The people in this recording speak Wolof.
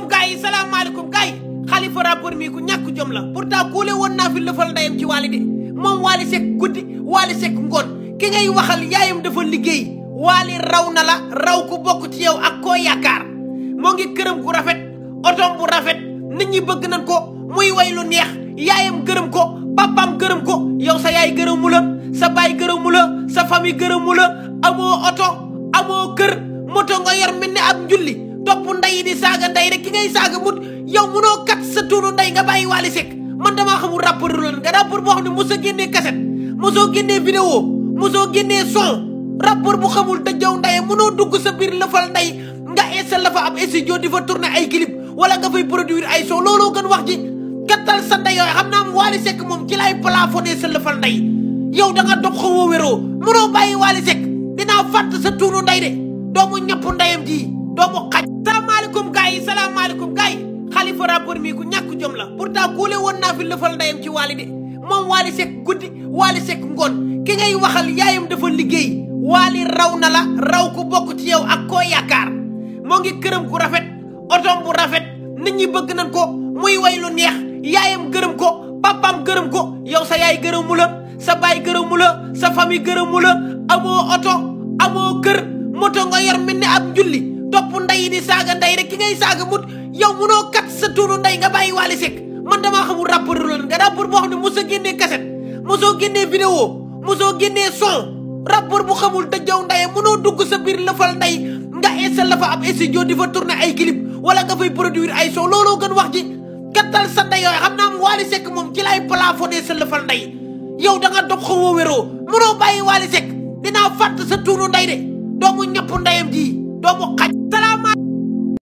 salaamaaleykum gars yi salaamaaleykum gars yi Khalifa mi ku ñàkk jom la pourtant kuule woon naa fi lëfal ndeyam ci Wally de moom Wally Seck guddi Wally Seck ngoon ki ngay waxal yaayam dafa liggéey Wally raw na la raw ku bokk ci yow ak ko yaakaar moo ngi këram ku rafet otom bu rafet ñi bëgg nañ ko muy way lu neex yaayam gërëm ko papaam gërëm ko yow sa yaay gërëmu sa baay gërëmu sa famille gërëmu amoo oto amoo kër moto nga yor mel ni ab topp nday di saaga nday rek ki ngay saaga mu yow munoo kat sa tuuru nday nga bàyyi Wally Seck man damaa xamul rappeur loolu nga rappeur boo xam ne mosoo génnee cassette mosoo génnee vidéo mosoo génnee son rappeur bu xamul te jaw ndaye munoo dugg sa biir lëfal nday nga sa nday am Wally Seck moom ci laay plafonné sa lëfal nday yow da nga dox xaw ma wéroo munoo bàyyi Wally Seck dinaa fàtt sa tuuru nday de doomu ñëpp ndayam ji doomu xaj. salaamaaleykum gars yi Khalifa rappeur mi ku ñàkk jom la pourtant kuule woon naa fi lëfal ndeyam ci Wally de moom Wally Seck guddi Wally Seck ngoon ki ngay waxal yaayam dafa liggéey Wally raw na la raw ku bokk ci ak koo yaakaar moo ngi këram ku rafet otoom bu rafet nit ñi bëgg nañ ko muy way lu neex yaayam gërëm ko papaam gërëm ko yow sa yaay gërëmu sa baay gërëmu sa famille gërëmu amoo oto amoo kër moto nga yor mel ni ab njulli topp nday di saaga nday rek ki ngay saaga mut yow munoo kat sa tuuru nday nga bàyyi Wally Seck man damaa xamul rappeur loolu nga rappeur boo xam ne mosoo génnee cassette mosoo génnee vidéo mosoo génnee son rappeur bu xamul dajaw ndaye munoo dugg sa biir lëfal nday nga installé la fa ab studio di fa tourner ay clip wala nga fay produire ay son looloo gën wax ji kattal sa nday yooyu xam naa am Wally Seck moom ci laay plafonné sa lëfal nday yow da nga dox xaw a wéroo munoo bàyyi Wally Seck dinaa fàtt sa tuuru nday de doomu ñëpp ndayam ji doomu xaj salaama